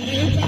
Yeah.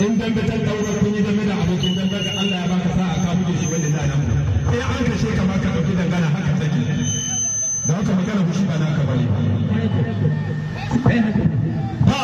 in dambe ta daura kun yi dambe da abokin dambe da Allah ya baka sa'a ka buge shi wanda zai namu in an kashe ka baka ka dauki dangana haka take da haka magana ku shi ba naka bane ba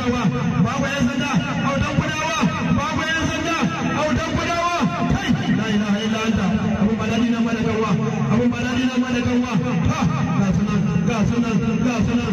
kudawa babu yan sanda autan kudawa babu yan sanda autan kudawa kai la ilaha illa anta abu baladi na malakanwa abu baladi na malakanwa ha ga sunan ga sunan ga sunan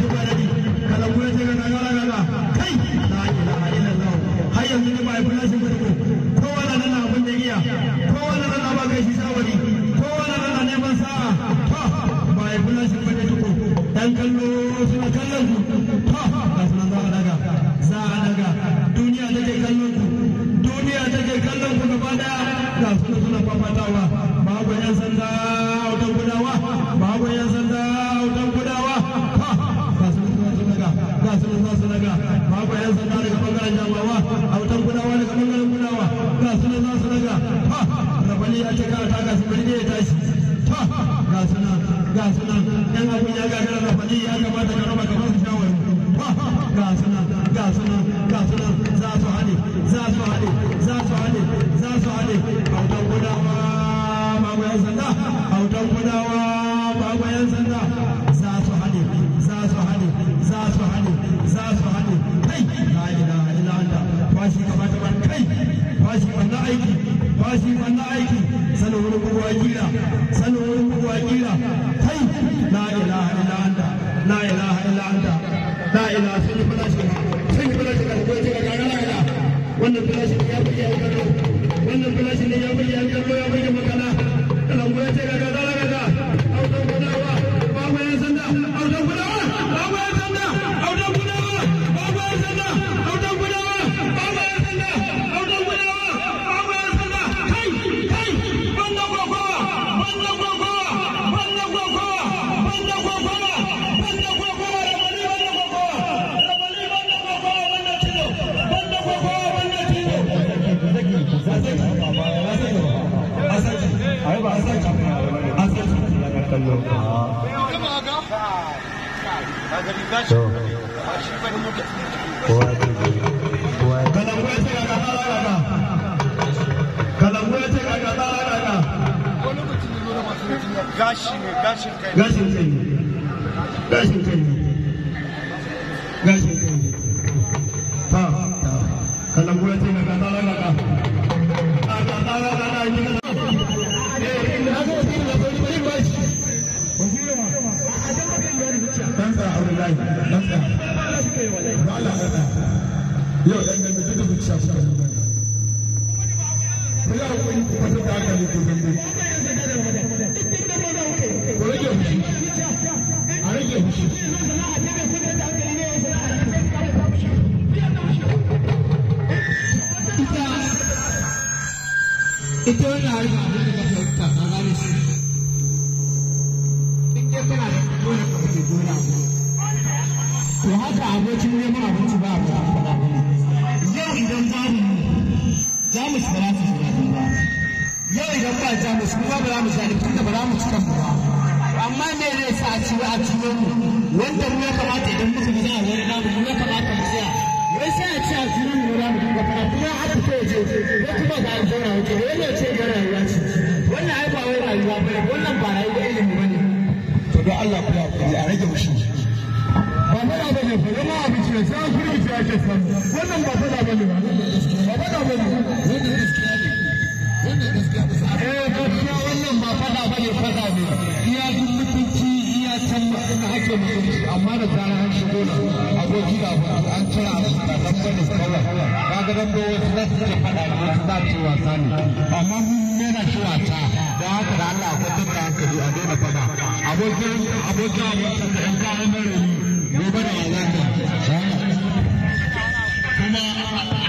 la ilaha sun sun ka ko ce ga gara wannan fulashi ya fi ya yi gashin kai gashin kai wallahi dan ya a to haka abokin neman abinci ba a faɗa ba yau idan za mu za mu shiga nasu shiga ba yau idan ba za mu shiga ba za mu shiga tun da ba za mu cika su ba amma me ne sa a ci a ciwo mu wanda mu ya kamata idan muka ji za a wani namu mu ya kamata mu tsaya wai sai a ci a ciwo mu za mu dinga fara kuma har fito ya ce wai kuma ga an zauna wuce wai ne ce ga rayuwa ce wannan ai ba wai rayuwa ba ne wannan ba rayuwa ilimi ba ne to don Allah ku ya a rage mushi faɗa ba ne faɗa abu ce sai an ake samu wannan ba faɗa ba ne ba ba faɗa ba ne wannan gaskiya ne wannan ba eh gaskiya wannan ba faɗa ba ne faɗa ne iya duk mutunci iya san da ake mutunci amma da zarar an shigo na aboki da aboki an cira abu da dan kawai kaga dan ba wasu za su ce faɗa ne wasu za su wasa ne amma mun mena shi wasa da haka da Allah ko kwatar hankali a daina fada. abokin abokin abokin da kayan mara ne gobe da wazaka kuma